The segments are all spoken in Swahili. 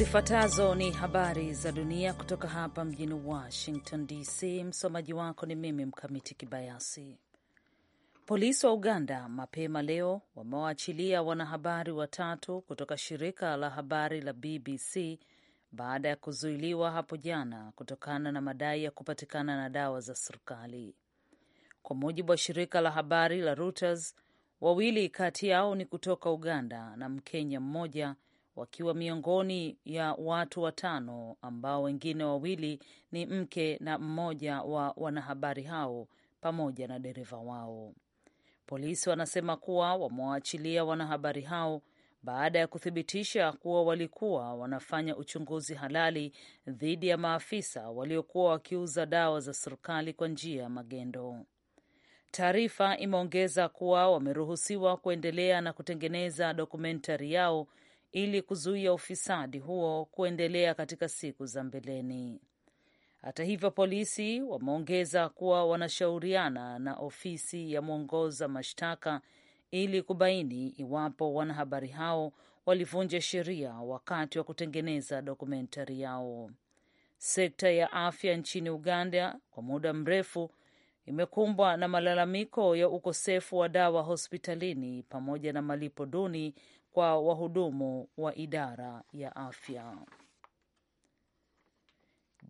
Zifuatazo ni habari za dunia kutoka hapa mjini Washington DC. Msomaji wako ni mimi Mkamiti Kibayasi. Polisi wa Uganda mapema leo wamewaachilia wanahabari watatu kutoka shirika la habari la BBC baada ya kuzuiliwa hapo jana kutokana na madai ya kupatikana na dawa za serikali. Kwa mujibu wa shirika la habari la Reuters, wawili kati yao ni kutoka Uganda na Mkenya mmoja wakiwa miongoni ya watu watano ambao wengine wawili ni mke na mmoja wa wanahabari hao pamoja na dereva wao. Polisi wanasema kuwa wamewaachilia wanahabari hao baada ya kuthibitisha kuwa walikuwa wanafanya uchunguzi halali dhidi ya maafisa waliokuwa wakiuza dawa za serikali kwa njia ya magendo. Taarifa imeongeza kuwa wameruhusiwa kuendelea na kutengeneza dokumentari yao ili kuzuia ufisadi huo kuendelea katika siku za mbeleni. Hata hivyo, polisi wameongeza kuwa wanashauriana na ofisi ya mwongoza mashtaka ili kubaini iwapo wanahabari hao walivunja sheria wakati wa kutengeneza dokumentari yao. Sekta ya afya nchini Uganda kwa muda mrefu imekumbwa na malalamiko ya ukosefu wa dawa hospitalini pamoja na malipo duni kwa wahudumu wa idara ya afya.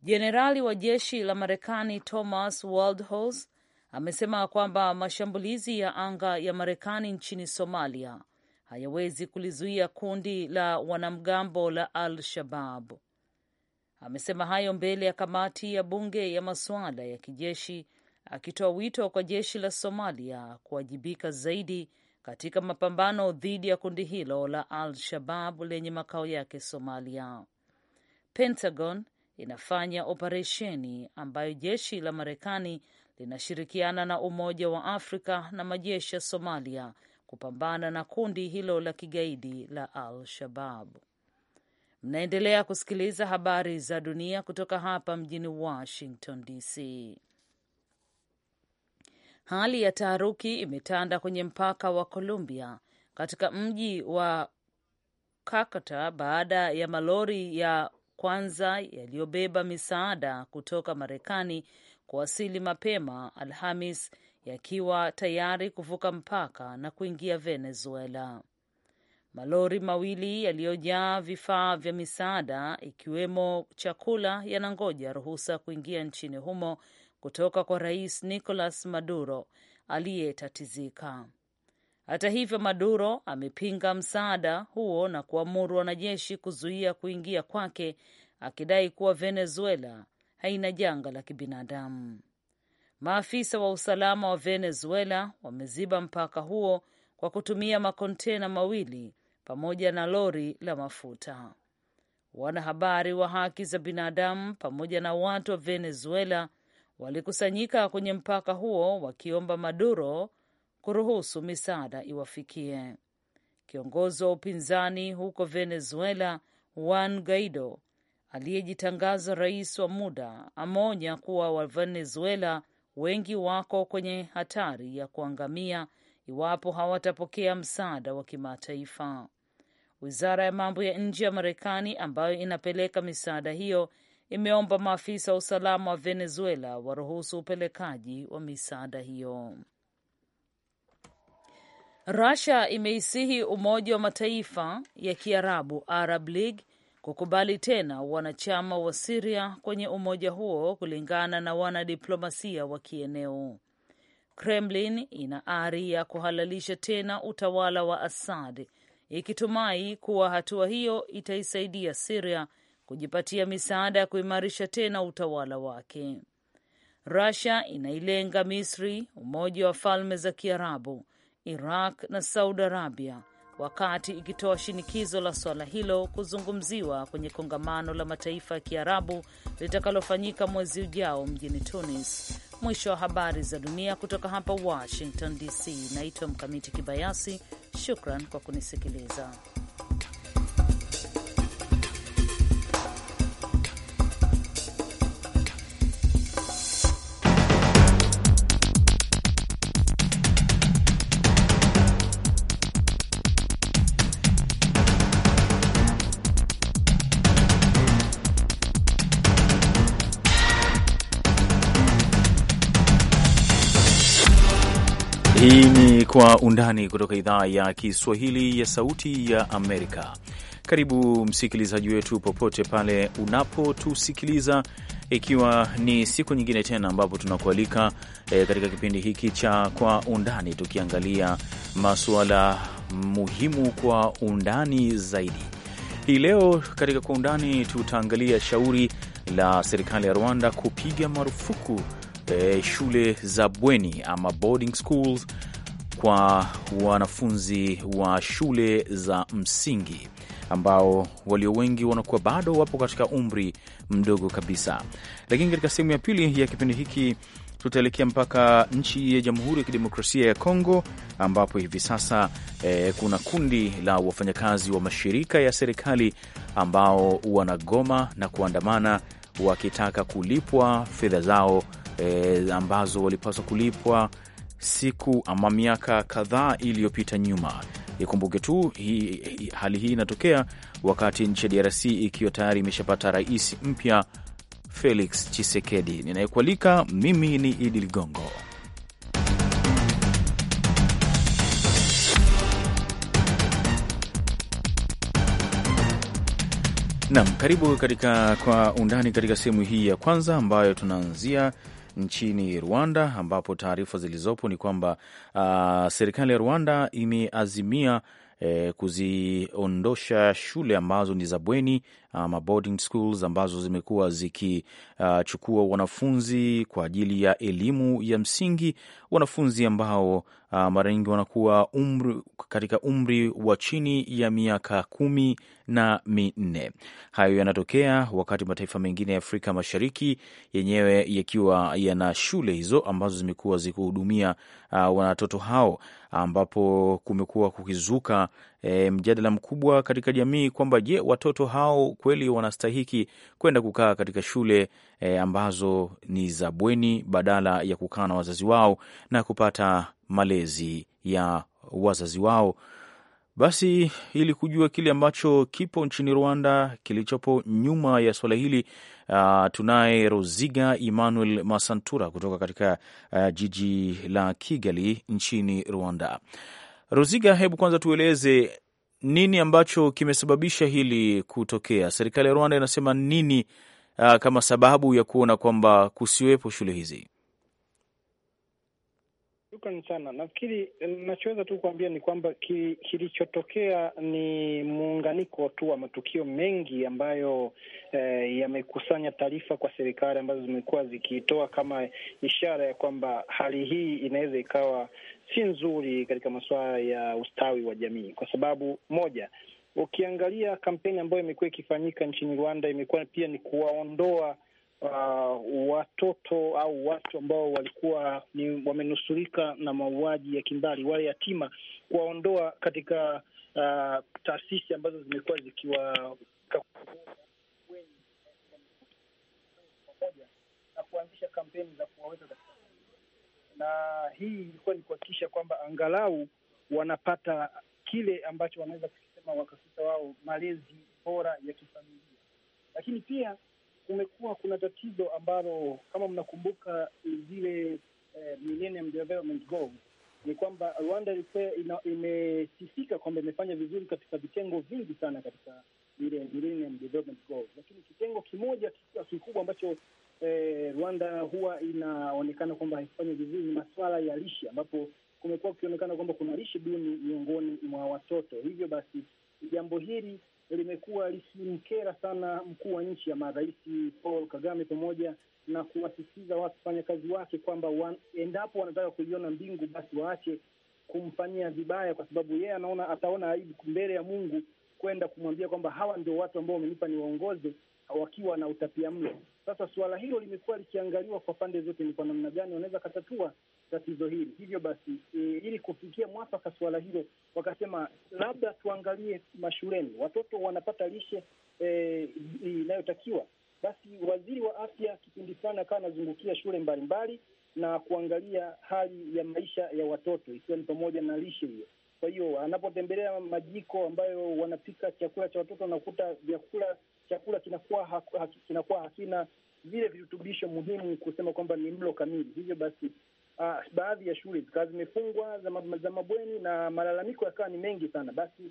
Jenerali wa jeshi la Marekani Thomas Waldhaus amesema kwamba mashambulizi ya anga ya Marekani nchini Somalia hayawezi kulizuia kundi la wanamgambo la Al Shabab. Amesema hayo mbele ya kamati ya bunge ya masuala ya kijeshi, akitoa wito kwa jeshi la Somalia kuwajibika zaidi katika mapambano dhidi ya kundi hilo la Al-Shabab lenye makao yake Somalia. Pentagon inafanya operesheni ambayo jeshi la Marekani linashirikiana na Umoja wa Afrika na majeshi ya Somalia kupambana na kundi hilo la kigaidi la Al-Shabab. Mnaendelea kusikiliza habari za dunia kutoka hapa mjini Washington DC. Hali ya taharuki imetanda kwenye mpaka wa Colombia katika mji wa Kakata baada ya malori ya kwanza yaliyobeba misaada kutoka Marekani kuwasili mapema Alhamis yakiwa tayari kuvuka mpaka na kuingia Venezuela. Malori mawili yaliyojaa vifaa vya misaada ikiwemo chakula yanangoja ruhusa kuingia nchini humo kutoka kwa rais Nicolas Maduro aliyetatizika. Hata hivyo, Maduro amepinga msaada huo na kuamuru wanajeshi kuzuia kuingia kwake, akidai kuwa Venezuela haina janga la kibinadamu. Maafisa wa usalama wa Venezuela wameziba mpaka huo kwa kutumia makontena mawili pamoja na lori la mafuta. Wanahabari wa haki za binadamu pamoja na watu wa Venezuela walikusanyika kwenye mpaka huo wakiomba Maduro kuruhusu misaada iwafikie. Kiongozi wa upinzani huko Venezuela, Juan Guaido, aliyejitangaza rais wa muda, ameonya kuwa Wavenezuela wengi wako kwenye hatari ya kuangamia iwapo hawatapokea msaada wa kimataifa. Wizara ya mambo ya nje ya Marekani, ambayo inapeleka misaada hiyo, imeomba maafisa wa usalama wa Venezuela waruhusu upelekaji wa misaada hiyo. Russia imeisihi Umoja wa Mataifa ya Kiarabu, Arab League, kukubali tena wanachama wa Siria kwenye umoja huo, kulingana na wanadiplomasia wa kieneo. Kremlin ina ari ya kuhalalisha tena utawala wa Assad, ikitumai kuwa hatua hiyo itaisaidia Siria kujipatia misaada ya kuimarisha tena utawala wake. Rusia inailenga Misri, Umoja wa Falme za Kiarabu, Iraq na Saudi Arabia wakati ikitoa shinikizo la suala hilo kuzungumziwa kwenye kongamano la mataifa ya Kiarabu litakalofanyika mwezi ujao mjini Tunis. Mwisho wa habari za dunia kutoka hapa Washington DC. Naitwa Mkamiti Kibayasi, shukran kwa kunisikiliza. Kwa Undani kutoka idhaa ya Kiswahili ya Sauti ya Amerika. Karibu msikilizaji wetu popote pale unapotusikiliza, ikiwa ni siku nyingine tena ambapo tunakualika e, katika kipindi hiki cha Kwa Undani, tukiangalia masuala muhimu kwa undani zaidi. Hii leo katika Kwa Undani tutaangalia shauri la serikali ya Rwanda kupiga marufuku e, shule za bweni ama boarding schools kwa wanafunzi wa shule za msingi ambao walio wengi wanakuwa bado wapo katika umri mdogo kabisa. Lakini katika sehemu ya pili ya kipindi hiki tutaelekea mpaka nchi ya Jamhuri ya Kidemokrasia ya Kongo ambapo hivi sasa eh, kuna kundi la wafanyakazi wa mashirika ya serikali ambao wanagoma na kuandamana wakitaka kulipwa fedha zao eh, ambazo walipaswa kulipwa siku ama miaka kadhaa iliyopita nyuma. Ikumbuke tu hi, hali hii inatokea wakati nchi ya DRC ikiwa tayari imeshapata rais mpya Felix Chisekedi. Ninayekualika mimi ni Idi Ligongo. nam karibu katika kwa undani katika sehemu hii ya kwanza ambayo tunaanzia nchini Rwanda, ambapo taarifa zilizopo ni kwamba uh, serikali ya Rwanda imeazimia eh, kuziondosha shule ambazo ni za bweni ama boarding schools ambazo zimekuwa zikichukua uh, wanafunzi kwa ajili ya elimu ya msingi, wanafunzi ambao uh, mara nyingi wanakuwa umri, katika umri wa chini ya miaka kumi na minne. Hayo yanatokea wakati mataifa mengine ya Afrika Mashariki yenyewe yakiwa yana shule hizo ambazo zimekuwa zikihudumia uh, watoto hao ambapo kumekuwa kukizuka e, mjadala mkubwa katika jamii kwamba je, watoto hao kweli wanastahiki kwenda kukaa katika shule e, ambazo ni za bweni badala ya kukaa na wazazi wao na kupata malezi ya wazazi wao basi ili kujua kile ambacho kipo nchini Rwanda, kilichopo nyuma ya swala hili uh, tunaye Roziga Emmanuel Masantura kutoka katika uh, jiji la Kigali nchini Rwanda. Roziga, hebu kwanza tueleze nini ambacho kimesababisha hili kutokea. Serikali ya Rwanda inasema nini uh, kama sababu ya kuona kwamba kusiwepo shule hizi? Shukran sana. Nafikiri nachoweza tu kuambia ni kwamba kilichotokea ni muunganiko tu wa matukio mengi ambayo eh, yamekusanya taarifa kwa serikali ambazo zimekuwa zikitoa kama ishara ya kwamba hali hii inaweza ikawa si nzuri katika masuala ya ustawi wa jamii, kwa sababu moja, ukiangalia kampeni ambayo imekuwa ikifanyika nchini Rwanda imekuwa pia ni kuwaondoa uh, watoto au watu ambao walikuwa ni wamenusurika na mauaji ya kimbari, wale yatima, kuwaondoa katika uh, taasisi ambazo zimekuwa zikiwa na kuanzisha kampeni za kuwaweka katika na hii ilikuwa ni kuhakikisha kwamba angalau wanapata kile ambacho wanaweza kusema wakafisa wao, malezi bora ya kifamilia, lakini pia kumekuwa kuna tatizo ambalo kama mnakumbuka zile eh, Millennium Development Goals ni kwamba Rwanda ilikuwa imesifika kwamba imefanya vizuri katika vitengo vingi sana katika ile Millennium Development Goals, lakini kitengo kimoja kikubwa ambacho eh, Rwanda huwa inaonekana kwamba haifanyi vizuri ni masuala ya lishe, ambapo kumekuwa kukionekana kwamba kuna lishe duni miongoni mwa watoto. Hivyo basi jambo hili limekuwa likimkera sana mkuu wa nchi ya marais Paul Kagame, pamoja na kuwasisitiza wafanyakazi wake kwamba endapo wanataka kuiona mbingu basi waache kumfanyia vibaya, kwa sababu yeye anaona ataona aibu mbele ya Mungu kwenda kumwambia kwamba hawa ndio watu ambao wamenipa ni waongoze wakiwa na utapia mlo. Sasa suala hilo limekuwa likiangaliwa kwa pande zote, ni kwa namna gani wanaweza katatua tatizo hili. Hivyo basi, e, ili kufikia mwafaka suala hilo, wakasema labda tuangalie mashuleni, watoto wanapata lishe e, inayotakiwa. Basi waziri wa afya kipindi sana akawa anazungukia shule mbalimbali na kuangalia hali ya maisha ya watoto, ikiwa ni pamoja na lishe hiyo. Kwa hiyo anapotembelea majiko ambayo wanapika chakula cha watoto, anakuta vyakula chakula kinakuwa ha, kinakuwa hakina vile virutubisho muhimu kusema kwamba ni mlo kamili. Hivyo basi uh, baadhi ya shule zikawa zimefungwa za mabweni na malalamiko yakawa ni mengi sana. Basi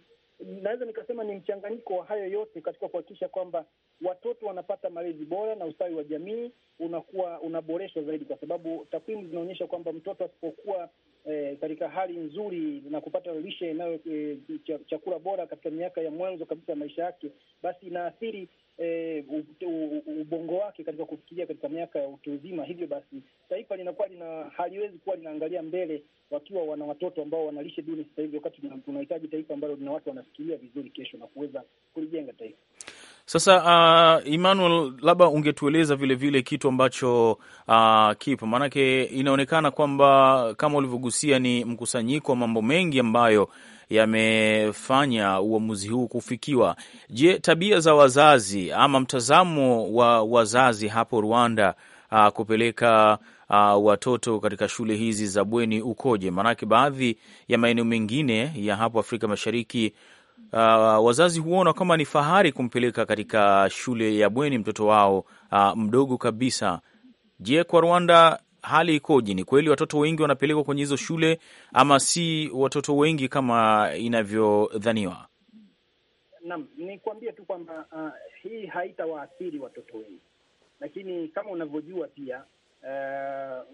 naweza nikasema ni mchanganyiko wa hayo yote katika kuhakikisha kwamba watoto wanapata malezi bora na ustawi wa jamii unakuwa unaboreshwa zaidi, kwa sababu takwimu zinaonyesha kwamba mtoto asipokuwa eh, katika hali nzuri na kupata lishe inayo eh, chakula bora katika miaka ya mwanzo kabisa ya maisha yake, basi inaathiri eh, ubongo wake katika kufikiria katika miaka ya utu uzima. Hivyo basi taifa linakuwa lina haliwezi kuwa linaangalia mbele wakiwa wana watoto ambao wanalishe duni sasa hivi, wakati tunahitaji taifa ambalo lina watu wanafikiria vizuri kesho na kuweza kulijenga taifa. Sasa uh, Emmanuel, labda ungetueleza vile vile kitu ambacho uh, kipo maanake, inaonekana kwamba kama ulivyogusia ni mkusanyiko wa mambo mengi ambayo yamefanya uamuzi huu kufikiwa. Je, tabia za wazazi ama mtazamo wa wazazi hapo Rwanda uh, kupeleka uh, watoto katika shule hizi za bweni ukoje? Maanake baadhi ya maeneo mengine ya hapo Afrika Mashariki Uh, wazazi huona kama ni fahari kumpeleka katika shule ya bweni mtoto wao uh, mdogo kabisa. Je, kwa Rwanda hali ikoje? Ni kweli watoto wengi wanapelekwa kwenye hizo shule ama si watoto wengi kama inavyodhaniwa? Naam, nikwambie tu kwamba uh, hii haitawaathiri watoto wengi, lakini kama unavyojua pia uh,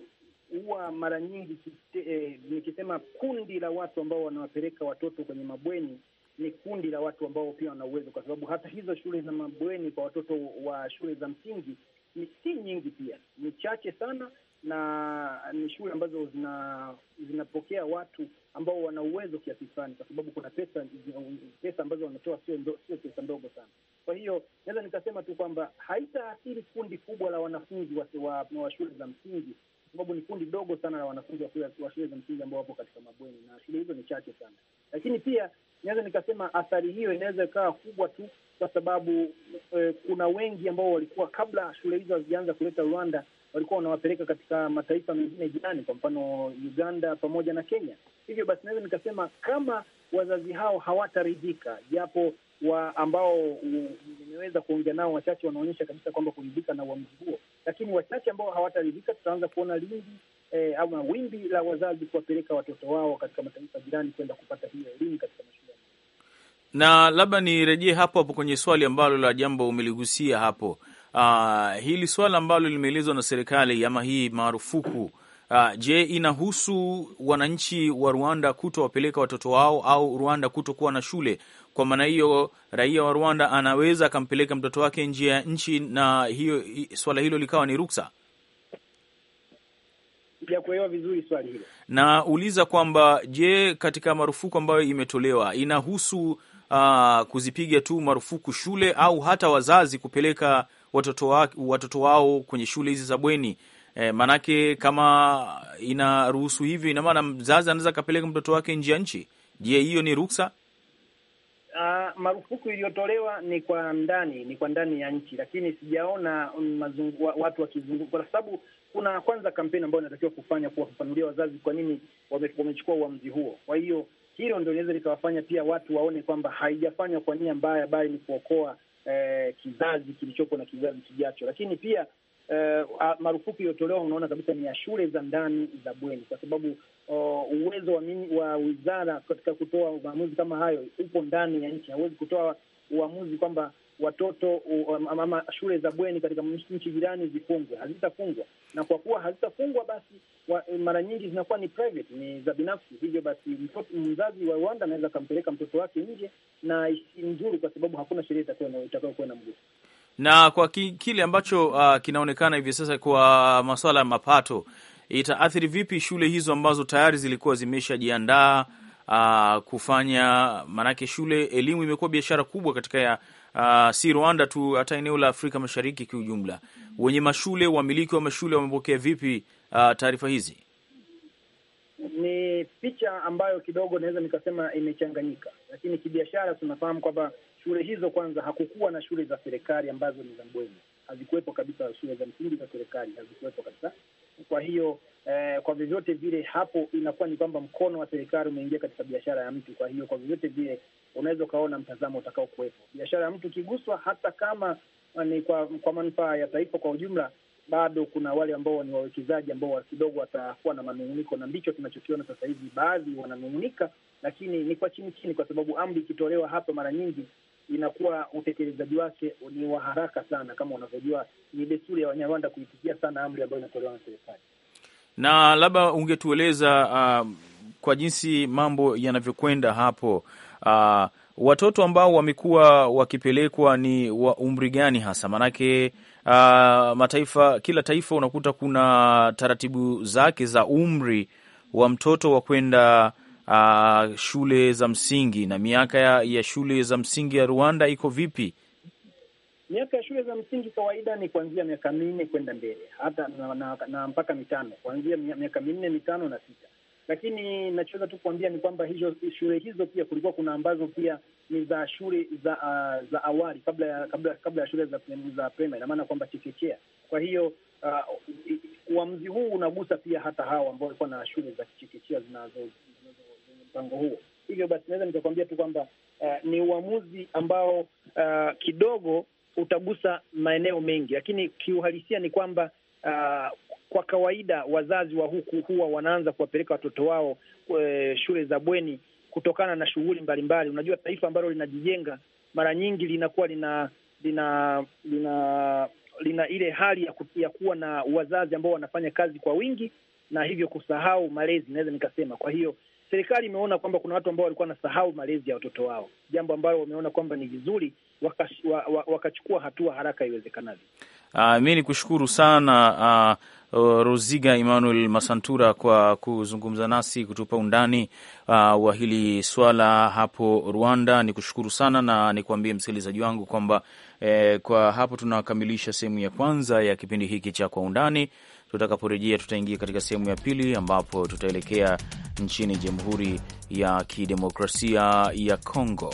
huwa uh, mara nyingi eh, nikisema kundi la watu ambao wanawapeleka watoto kwenye mabweni ni kundi la watu ambao pia wana uwezo, kwa sababu hata hizo shule za mabweni kwa watoto wa shule za msingi ni si nyingi, pia ni chache sana, na ni shule ambazo zina zinapokea watu ambao wana uwezo kiasi fulani, kwa sababu kuna pesa pesa ambazo wanatoa sio sio pesa ndogo sana. Kwa hiyo naweza nikasema tu kwamba haitaathiri kundi kubwa la wanafunzi wa, wa, wa shule za msingi, kwa sababu ni kundi dogo sana la wanafunzi wa shule za msingi ambao wapo katika mabweni na shule hizo ni chache sana, lakini pia naweza nikasema athari hiyo inaweza ikawa kubwa tu kwa sababu eh, kuna wengi ambao walikuwa kabla shule hizo hazijaanza kuleta Rwanda walikuwa wanawapeleka katika mataifa mengine jirani, kwa mfano Uganda pamoja na Kenya. Hivyo basi naweza nikasema kama wazazi hao hawataridhika, japo wa ambao nimeweza kuongea nao wachache wanaonyesha kabisa kwamba kuridhika na uamuzi huo, lakini wachache ambao hawataridhika, tutaanza kuona lingi eh, ama wimbi la wazazi kuwapeleka watoto wao katika mataifa jirani kwenda kupata hiyo elimu katika mashule. Na labda nirejee hapo hapo kwenye swali ambalo la jambo umeligusia hapo uh, hili swala ambalo limeelezwa na serikali ama hii marufuku uh, je, inahusu wananchi wa Rwanda kutowapeleka watoto wao au Rwanda kutokuwa na shule? Kwa maana hiyo, raia wa Rwanda anaweza akampeleka mtoto wake nje ya nchi na hiyo swala hilo likawa ni ruksa? Kuelewa vizuri swali hilo, nauliza kwamba je, katika marufuku ambayo imetolewa inahusu uh, kuzipiga tu marufuku shule au hata wazazi kupeleka watoto, wa, watoto wao kwenye shule hizi za bweni e, eh, maanake kama inaruhusu hivyo, ina maana mzazi anaweza akapeleka mtoto wake nje ya nchi. Je, hiyo ni ruksa? Uh, marufuku iliyotolewa ni kwa ndani ni kwa ndani ya nchi, lakini sijaona um, mazungu, watu wakizunguka, kwa sababu kuna kwanza kampeni ambayo inatakiwa kufanya kuwafafanulia wazazi kwa nini wamechukua uamuzi huo. Kwa hiyo hilo ndio linaweza likawafanya pia watu waone kwamba haijafanywa kwa nia mbaya, bali ni kuokoa eh, kizazi kilichopo na kizazi kijacho, lakini pia eh, marufuku iliyotolewa unaona kabisa ni ya shule za ndani za bweni, kwa sababu oh, uwezo wa, wa wizara katika kutoa maamuzi kama hayo upo ndani ya nchi. Hawezi kutoa uamuzi kwamba watoto um, ama shule za bweni katika nchi jirani zifungwe. Hazitafungwa, na kwa kuwa hazitafungwa basi wa, eh, mara nyingi zinakuwa ni private, ni za binafsi. Hivyo basi mzazi wa Rwanda anaweza akampeleka mtoto wake nje na si nzuri, kwa sababu hakuna sheria itakayokuwa na mguu na kwa kile ambacho uh, kinaonekana hivi sasa kwa masuala ya mapato itaathiri vipi shule hizo ambazo tayari zilikuwa zimeshajiandaa uh, kufanya? Maanake shule elimu imekuwa biashara kubwa katika ya uh, si Rwanda tu, hata eneo la Afrika Mashariki kiujumla. Wenye mashule, wamiliki wa mashule wamepokea vipi uh, taarifa hizi? Ni picha ambayo kidogo naweza nikasema imechanganyika, lakini kibiashara tunafahamu kwamba shule hizo kwanza, hakukuwa na shule za serikali ambazo ni za bweni, hazikuwepo kabisa. Shule za msingi za serikali hazikuwepo kabisa, kwa hiyo eh, kwa vyovyote vile hapo inakuwa ni kwamba mkono wa serikali umeingia katika biashara ya mtu. Kwa hiyo kwa vyovyote vile unaweza ukaona mtazamo utakao kuwepo. Biashara ya mtu ikiguswa, hata kama ni kwa, kwa manufaa ya taifa kwa ujumla, bado kuna wale ambao ni wawekezaji ambao kidogo watakuwa na manunguniko, na ndicho tunachokiona sasa hivi. Baadhi wananungunika, lakini ni kwa chini chini, kwa sababu amri ikitolewa hapa mara nyingi inakuwa utekelezaji wake ni wa haraka sana. Kama unavyojua, ni desturi ya Wanyarwanda kuitikia sana amri ambayo inatolewa na serikali. Na labda ungetueleza uh, kwa jinsi mambo yanavyokwenda hapo uh, watoto ambao wamekuwa wakipelekwa ni wa umri gani hasa? Maanake uh, mataifa, kila taifa unakuta kuna taratibu zake za umri wa mtoto wa kwenda uh, shule za msingi na miaka ya, ya shule za msingi ya Rwanda iko vipi? Miaka ya shule za msingi kawaida ni kuanzia miaka minne kwenda mbele hata na, na, na mpaka mitano, kuanzia miaka minne mitano na sita. Lakini nachoweza tu kuambia ni kwamba hizo shule hizo pia kulikuwa kuna ambazo pia ni za shule za uh, za awali kabla ya kabla, kabla ya shule za, za primary, ina maana kwamba chekechea. Kwa hiyo ah, uamuzi uh, huu unagusa pia hata hawa ambao walikuwa na shule za kichekechea zinazo mpango huo. Hivyo basi naweza nikakwambia tu kwamba uh, ni uamuzi ambao uh, kidogo utagusa maeneo mengi, lakini kiuhalisia ni kwamba uh, kwa kawaida wazazi wa huku huwa wanaanza kuwapeleka watoto wao uh, shule za bweni kutokana na shughuli mbalimbali. Unajua, taifa ambalo linajijenga mara nyingi linakuwa lina lina lina lina ile hali ya, ku, ya kuwa na wazazi ambao wanafanya kazi kwa wingi na hivyo kusahau malezi, naweza nikasema. Kwa hiyo serikali imeona kwamba kuna watu ambao walikuwa wanasahau malezi ya watoto wao, jambo ambalo wameona kwamba ni vizuri wakachukua waka hatua haraka iwezekanavyo. Uh, ah, mi ni kushukuru sana uh, ah, uh, Roziga Emmanuel Masantura kwa kuzungumza nasi kutupa undani uh, wa hili swala hapo Rwanda. Ni kushukuru sana na nikuambie msikilizaji wangu kwamba eh, kwa hapo tunakamilisha sehemu ya kwanza ya kipindi hiki cha kwa undani. Tutakaporejea tutaingia katika sehemu ya pili ambapo tutaelekea nchini Jamhuri ya Kidemokrasia ya Kongo.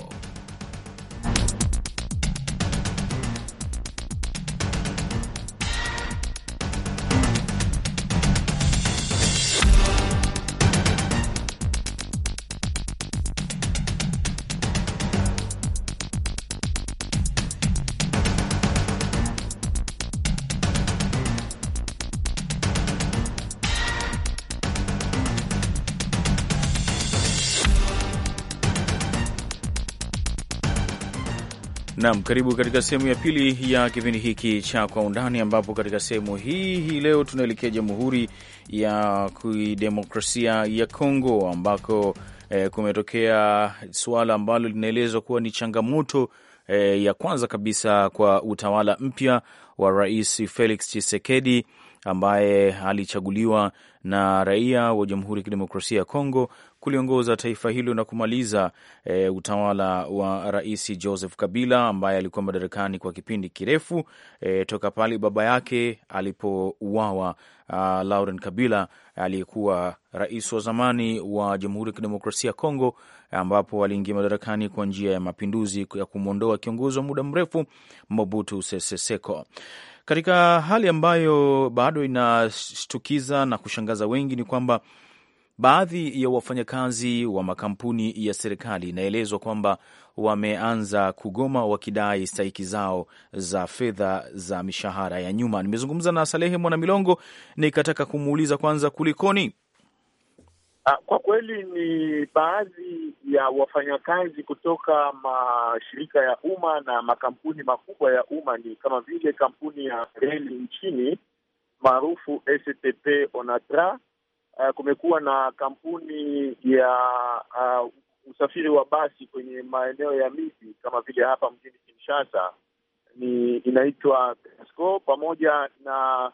Naam, karibu katika sehemu ya pili ya kipindi hiki cha Kwa Undani, ambapo katika sehemu hii hii leo tunaelekea Jamhuri ya Kidemokrasia ya Kongo ambako eh, kumetokea suala ambalo linaelezwa kuwa ni changamoto eh, ya kwanza kabisa kwa utawala mpya wa Rais Felix Tshisekedi ambaye alichaguliwa na raia wa Jamhuri ya Kidemokrasia ya Kongo kuliongoza taifa hilo na kumaliza e, utawala wa Rais Joseph Kabila ambaye alikuwa madarakani kwa kipindi kirefu e, toka pale baba yake alipouawa ah, Laurent Kabila aliyekuwa rais wa zamani wa Jamhuri ya Kidemokrasia ya Kongo, ambapo aliingia madarakani kwa njia ya mapinduzi ya kumwondoa kiongozi wa muda mrefu Mobutu Sese Seko. Katika hali ambayo bado inashtukiza na kushangaza wengi ni kwamba Baadhi ya wafanyakazi wa makampuni ya serikali inaelezwa kwamba wameanza kugoma wakidai stahiki zao za fedha za mishahara ya nyuma. Nimezungumza na Salehe Mwanamilongo, nikataka kumuuliza kwanza kulikoni. Ah, kwa kweli ni baadhi ya wafanyakazi kutoka mashirika ya umma na makampuni makubwa ya umma, ni kama vile kampuni ya reli nchini maarufu STP Onatra uh, kumekuwa na kampuni ya uh, usafiri wa basi kwenye maeneo ya miji kama vile hapa mjini Kinshasa ni inaitwa Tesco pamoja na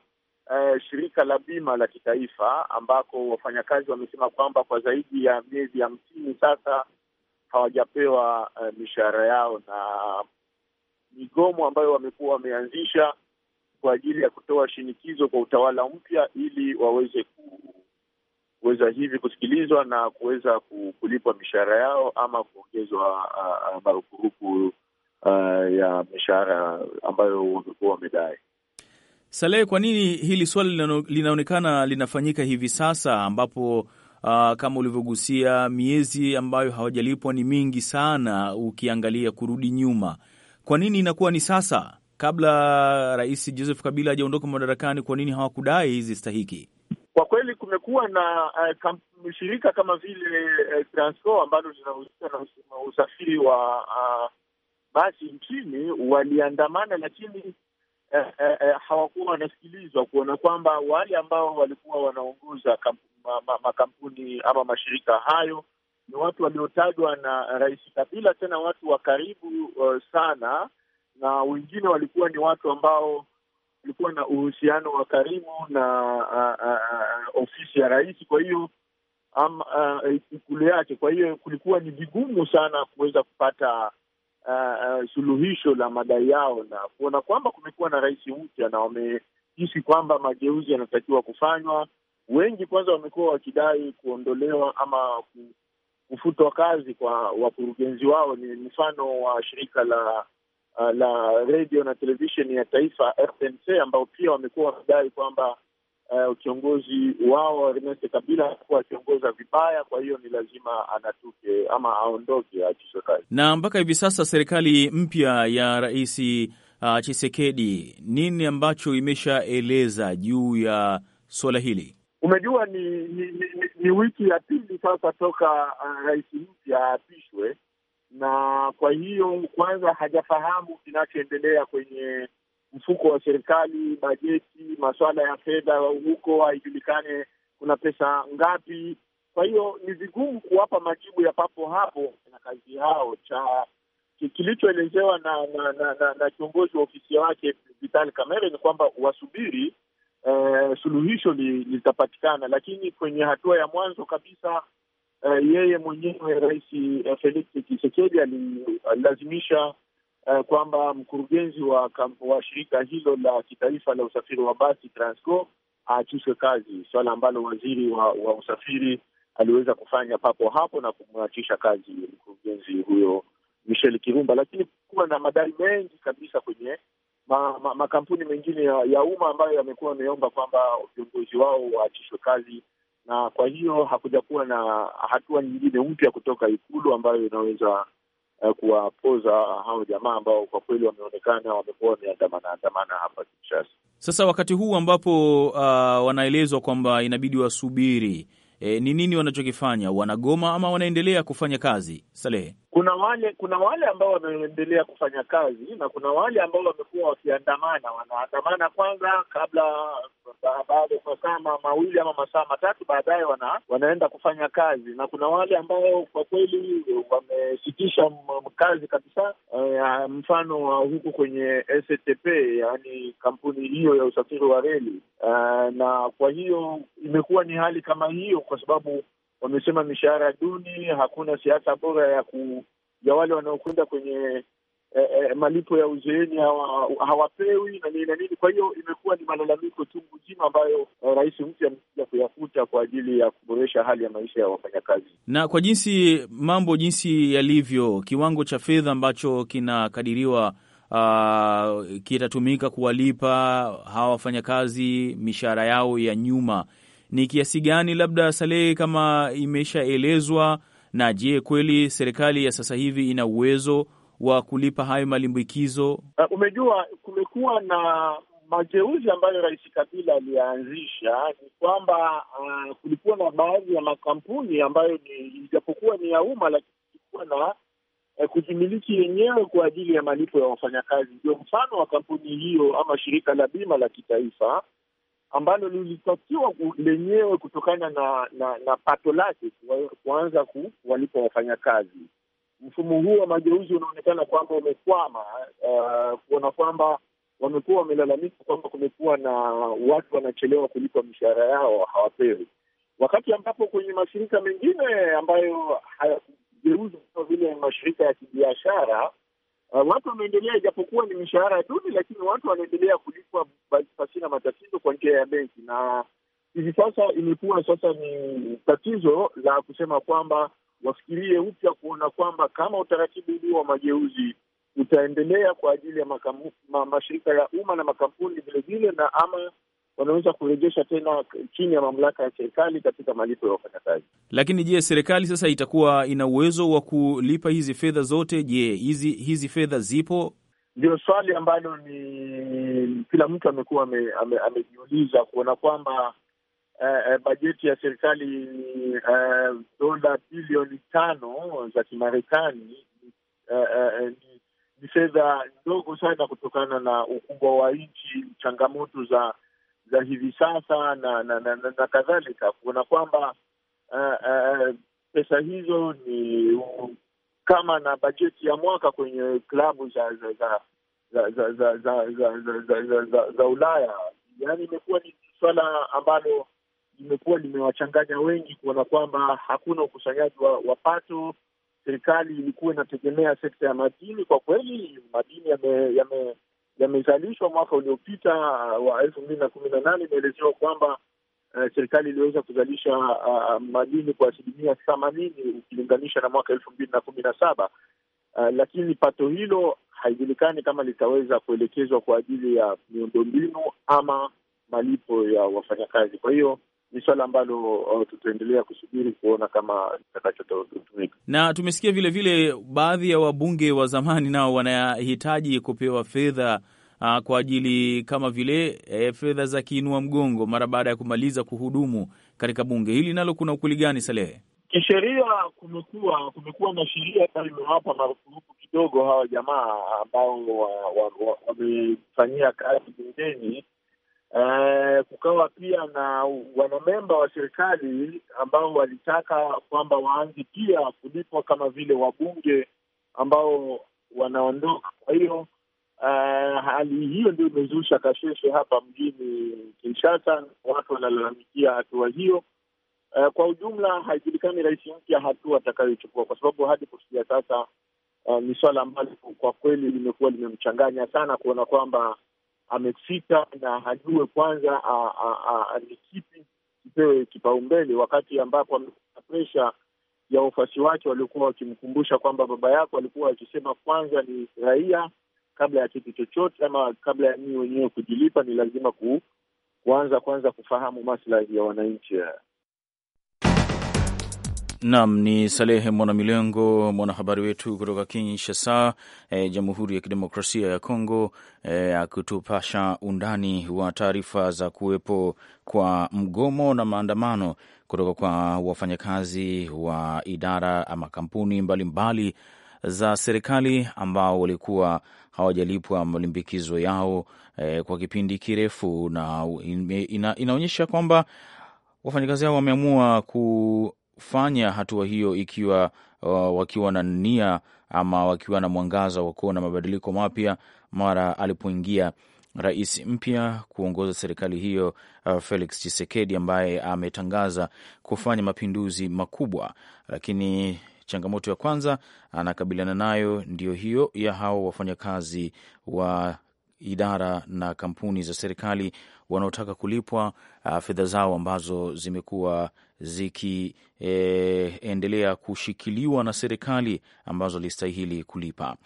uh, shirika la bima la kitaifa ambako wafanyakazi wamesema kwamba kwa zaidi ya miezi hamsini sasa hawajapewa uh, mishahara yao na migomo ambayo wamekuwa wameanzisha kwa ajili ya kutoa shinikizo kwa utawala mpya ili waweze kuweza hivi kusikilizwa na kuweza kulipwa mishahara yao ama kuongezwa marupurupu ya mishahara ambayo wamekuwa wamedai. Salehe, kwa nini hili swali linaonekana linafanyika hivi sasa ambapo Uh, kama ulivyogusia miezi ambayo hawajalipwa ni mingi sana, ukiangalia kurudi nyuma. Kwa nini inakuwa ni sasa, kabla Rais Joseph Kabila hajaondoka madarakani? Kwa nini hawakudai hizi stahiki? Kwa kweli kumekuwa na uh, shirika kama vile uh, Transco ambalo linahusika na usafiri wa uh, basi nchini waliandamana, lakini eh, eh, eh, hawakuwa wanasikilizwa, kuona kwamba wale ambao walikuwa wanaongoza makampuni ama mashirika hayo ni watu waliotajwa na Rais Kabila, tena watu wa karibu uh, sana, na wengine walikuwa ni watu ambao kulikuwa na uhusiano wa karibu na a, a, a, ofisi ya rais, kwa hiyo ikulu yake. Kwa hiyo kulikuwa ni vigumu sana kuweza kupata Uh, uh, suluhisho la madai yao na kuona kwamba kumekuwa na rais mpya na wamehisi kwamba mageuzi yanatakiwa kufanywa. Wengi kwanza wamekuwa wakidai kuondolewa ama kufutwa kazi kwa wakurugenzi wao. Ni mfano wa shirika la uh, la redio na televisheni ya taifa RTNC, ambao pia wamekuwa wakidai kwamba uh, wao Ernest Kabila alikuwa akiongoza vibaya, kwa hiyo ni lazima anatuke ama aondoke achishwe kazi. Na mpaka hivi sasa serikali mpya ya rais uh, Chisekedi, nini ambacho imeshaeleza juu ya suala hili? Umejua ni, ni, ni, ni wiki ya pili sasa toka uh, rais mpya aapishwe na kwa hiyo kwanza hajafahamu kinachoendelea kwenye mfuko wa serikali, bajeti, masuala ya fedha huko, haijulikane kuna pesa ngapi. Kwa hiyo ni vigumu kuwapa majibu ya papo hapo na kazi yao cha kilichoelezewa na na, na, na, na kiongozi wa ofisi wake Vital Kamerhe ni kwamba wasubiri eh, suluhisho li, litapatikana, lakini kwenye hatua ya mwanzo kabisa uh, yeye mwenyewe Rais uh, Felix Tshisekedi alilazimisha uh, kwamba mkurugenzi wa, wa shirika hilo la kitaifa la usafiri wa basi Transco aachishwe uh, kazi, suala ambalo waziri wa, wa usafiri aliweza kufanya papo hapo na kumwachisha kazi mkurugenzi huyo Michel Kirumba. Lakini kuwa na madai mengi kabisa kwenye ma, ma, makampuni mengine ya, ya umma ambayo yamekuwa yameomba kwamba viongozi wao waachishwe kazi na kwa hiyo hakujakuwa na hatua nyingine mpya kutoka Ikulu ambayo inaweza uh, kuwapoza hao jamaa ambao kwa kweli wameonekana wamekuwa wameandamana andamana hapa Kinshasa. Sasa wakati huu ambapo uh, wanaelezwa kwamba inabidi wasubiri E, ni nini wanachokifanya? Wanagoma ama wanaendelea kufanya kazi? Salehe, kuna wale kuna wale ambao wameendelea kufanya kazi na kuna wale ambao wamekuwa wakiandamana. Wanaandamana kwanza kabla baada ya masaa mawili ama masaa matatu baadaye wana, wanaenda kufanya kazi, na kuna wale ambao kwa kweli wamesitisha kazi kabisa. Uh, mfano wa uh, huku kwenye STP, yaani kampuni hiyo ya usafiri wa reli uh, na kwa hiyo imekuwa ni hali kama hiyo, kwa sababu wamesema mishahara duni, hakuna siasa bora ya ku ya wale wanaokwenda kwenye Eh, eh, malipo ya uzeeni hawapewi na nini na nini. Kwa hiyo imekuwa ni malalamiko chungu nzima ambayo eh, rais mpya amekuja kuyafuta kwa ajili ya kuboresha hali ya maisha ya wafanyakazi. Na kwa jinsi mambo jinsi yalivyo, kiwango cha fedha ambacho kinakadiriwa uh, kitatumika kuwalipa hawa wafanyakazi mishahara yao ya nyuma ni kiasi gani? Labda salehe kama imeshaelezwa na je, kweli serikali ya sasa hivi ina uwezo wa kulipa hayo malimbikizo? Uh, umejua kumekuwa na mageuzi ambayo Rais Kabila aliyaanzisha ni kwamba uh, kulikuwa na baadhi ya makampuni ambayo ijapokuwa ni ya umma, lakini kulikuwa na uh, eh, kujimiliki yenyewe kwa ajili ya malipo ya wafanyakazi. Ndio mfano wa kampuni hiyo ama shirika la bima la kitaifa ambalo lilitakiwa lenyewe kutokana na na, na pato lake kuanza kuwalipa wafanyakazi mfumo huu wa mageuzi unaonekana kwamba umekwama, uh, kuona kwamba wamekuwa wamelalamika kwamba kumekuwa na watu wanachelewa kulipa mishahara yao, hawapewi, wakati ambapo kwenye mashirika mengine ambayo hayakugeuzwa kama vile mashirika ya kibiashara uh, watu wameendelea, ijapokuwa ni mishahara duni, lakini watu wanaendelea kulipwa pasina matatizo kwa njia ya benki, na hivi sasa imekuwa sasa ni tatizo la kusema kwamba wafikirie upya kuona kwamba kama utaratibu huu wa mageuzi utaendelea kwa ajili ya ma, mashirika ya umma na makampuni vilevile, na ama wanaweza kurejesha tena chini ya mamlaka ya serikali katika malipo ya wafanyakazi. Lakini je, serikali sasa itakuwa ina uwezo wa kulipa hizi fedha zote? Je, hizi hizi fedha zipo? Ndio swali ambalo ni kila mtu amekuwa amejiuliza ame, kuona kwamba eh, bajeti ya serikali ni eh, dola bilioni tano za Kimarekani eh, eh, ni, ni fedha ndogo sana kutokana na ukubwa wa nchi, changamoto za za hivi sasa na na, na, na, na kadhalika, kuona kwamba eh, eh, pesa hizo ni kama na bajeti ya mwaka kwenye klabu za za za za za za za za Ulaya, yaani imekuwa ni suala ambalo limekuwa limewachanganya wengi kuona kwamba hakuna ukusanyaji wa, wa pato. Serikali ilikuwa inategemea sekta ya madini. Kwa kweli madini yamezalishwa yame, yame mwaka uliopita uh, wa elfu mbili na kumi na nane imeelezewa kwamba uh, serikali iliweza kuzalisha uh, madini kwa asilimia themanini ukilinganisha na mwaka elfu mbili na kumi na saba uh, lakini pato hilo haijulikani kama litaweza kuelekezwa kwa ajili ya miundombinu ama malipo ya wafanyakazi. Kwa hiyo ni swala ambalo uh, tutaendelea kusubiri kuona kama litakachotumika. Na tumesikia vile vile baadhi ya wabunge wa zamani nao wanahitaji kupewa fedha uh, kwa ajili kama vile eh, fedha za kiinua mgongo mara baada ya kumaliza kuhudumu katika bunge hili. Nalo kuna ukuli gani, Salehe? Kisheria kumekuwa kumekuwa na sheria ambayo imewapa marufuku kidogo hawa jamaa ambao wamefanyia wa, wa, wa, kazi bungeni Eh, kukawa pia na wanamemba wa serikali ambao walitaka kwamba waanze pia kulipwa kama vile wabunge ambao wanaondoka. Kwa hiyo uh, hali hiyo ndio imezusha kasheshe hapa mjini Kinshasa, watu wanalalamikia hatua hiyo. Uh, kwa ujumla haijulikani rais mpya hatua atakayochukua, kwa sababu hadi kufikia sasa Uh, ni swala ambalo kwa kweli limekuwa limemchanganya sana kuona kwamba amefika na hajue kwanza ni kipi kipewe kipaumbele, wakati ambapo amepata presha ya wafuasi wake waliokuwa wakimkumbusha kwamba baba yako alikuwa akisema kwanza ni raia kabla ya kitu chochote, ama kabla ya mii wenyewe kujilipa, ni lazima ku, kuanza kwanza kufahamu maslahi ya wananchi. Nam ni Salehe Mwanamilengo, mwanahabari wetu kutoka Kinshasa, e, Jamhuri ya Kidemokrasia ya Kongo, e, eh, akitupasha undani wa taarifa za kuwepo kwa mgomo na maandamano kutoka kwa wafanyakazi wa idara ama kampuni mbalimbali mbali za serikali ambao walikuwa hawajalipwa malimbikizo yao e, kwa kipindi kirefu, na ina, inaonyesha kwamba wafanyakazi hao wameamua ku kufanya hatua hiyo ikiwa uh, wakiwa na nia ama wakiwa na mwangaza wa kuona mabadiliko mapya mara alipoingia rais mpya kuongoza serikali hiyo uh, Felix Tshisekedi ambaye ametangaza kufanya mapinduzi makubwa, lakini changamoto ya kwanza anakabiliana nayo ndio hiyo ya hao wafanyakazi wa idara na kampuni za serikali wanaotaka kulipwa uh, fedha zao ambazo zimekuwa zikiendelea e, kushikiliwa na serikali ambazo alistahili kulipa.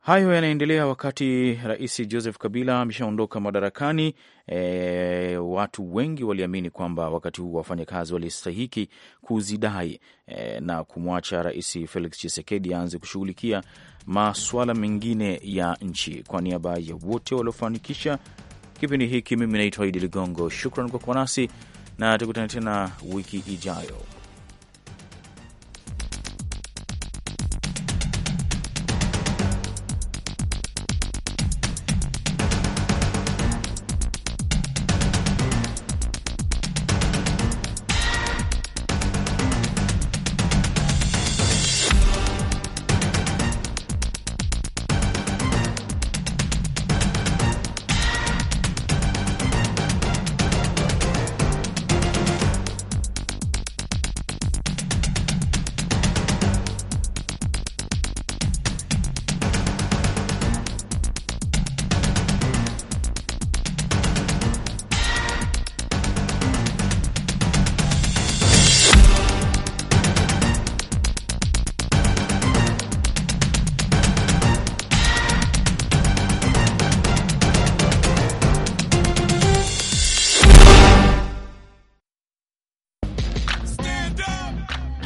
Hayo yanaendelea wakati Rais Joseph Kabila ameshaondoka madarakani. E, watu wengi waliamini kwamba wakati huu wafanyakazi walistahiki kuzidai e, na kumwacha Rais Felix Tshisekedi aanze kushughulikia masuala mengine ya nchi. Kwa niaba ya wote waliofanikisha kipindi hiki. Mimi naitwa Idi Ligongo, shukran kwa kuwa nasi na tukutane tena wiki ijayo.